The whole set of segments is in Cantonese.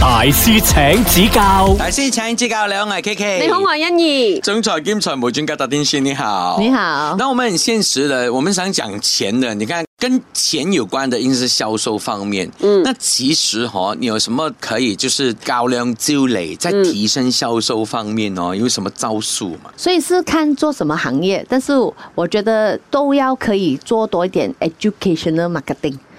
大師請指教，大師請指教。你好，我係 K K。你好，我係欣怡。總裁兼財務專家 Datin Shin，你好。你好。那我們很現實的，我們想講錢的。你看，跟錢有關的應是銷售方面。嗯。那其實哈、哦，你有什麼可以就是高量積累，在提升銷售方面哦，有、嗯、什麼招數嘛？所以是看做什麼行業，但是我覺得都要可以做多一點 educational marketing。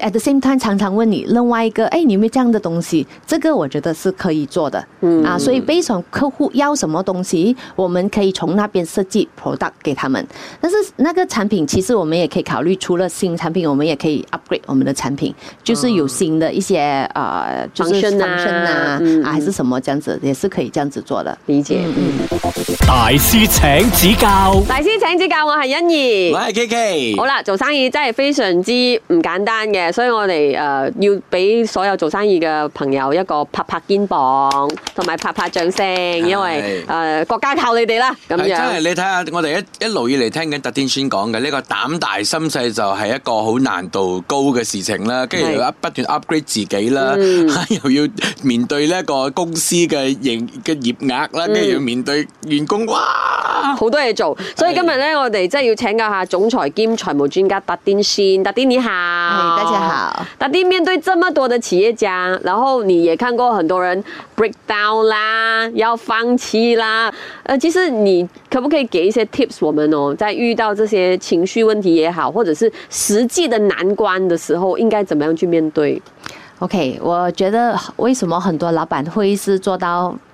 At the same time，常常問你另外一個，誒、哎，你有沒有這樣的東西？這個我覺得是可以做的，嗯，啊，所以 based on 客戶要什麼東西，我們可以從那邊設計 product 給他們。但是那個產品其實我們也可以考慮，除了新產品，我們也可以 upgrade 我們的產品，就是有新的一些、哦呃就是、啊，function 啊、嗯，啊，還是什麼這樣子，也是可以這樣子做的。理解，嗯。大師請指教，大師請指教，我係欣怡，我係 Kiki。好啦，做生意真係非常之唔簡單。嘅，所以我哋誒要俾所有做生意嘅朋友一個拍拍肩膀，同埋拍拍掌聲，因為誒國家靠你哋啦。咁又真係你睇下，我哋一一路以嚟聽緊 Datin Shin 講嘅呢個膽大心細就係一個好難度高嘅事情啦。跟住不斷 upgrade 自己啦，又要面對呢一個公司嘅營嘅業額啦，跟住要面對員工哇。好多嘢做，所以今日咧，我哋真係要請教下總裁兼財務專家達丁信，達丁，你好。哎，大家好。達丁面對這麼多的企業家，然後你也看過很多人 break down 啦，要放棄啦，誒、呃，其實你可不可以給一些 tips 我們哦、喔，在遇到這些情緒問題也好，或者是實際的難關的時候，應該怎麼樣去面對？OK，我覺得為什麼很多老闆會是做到？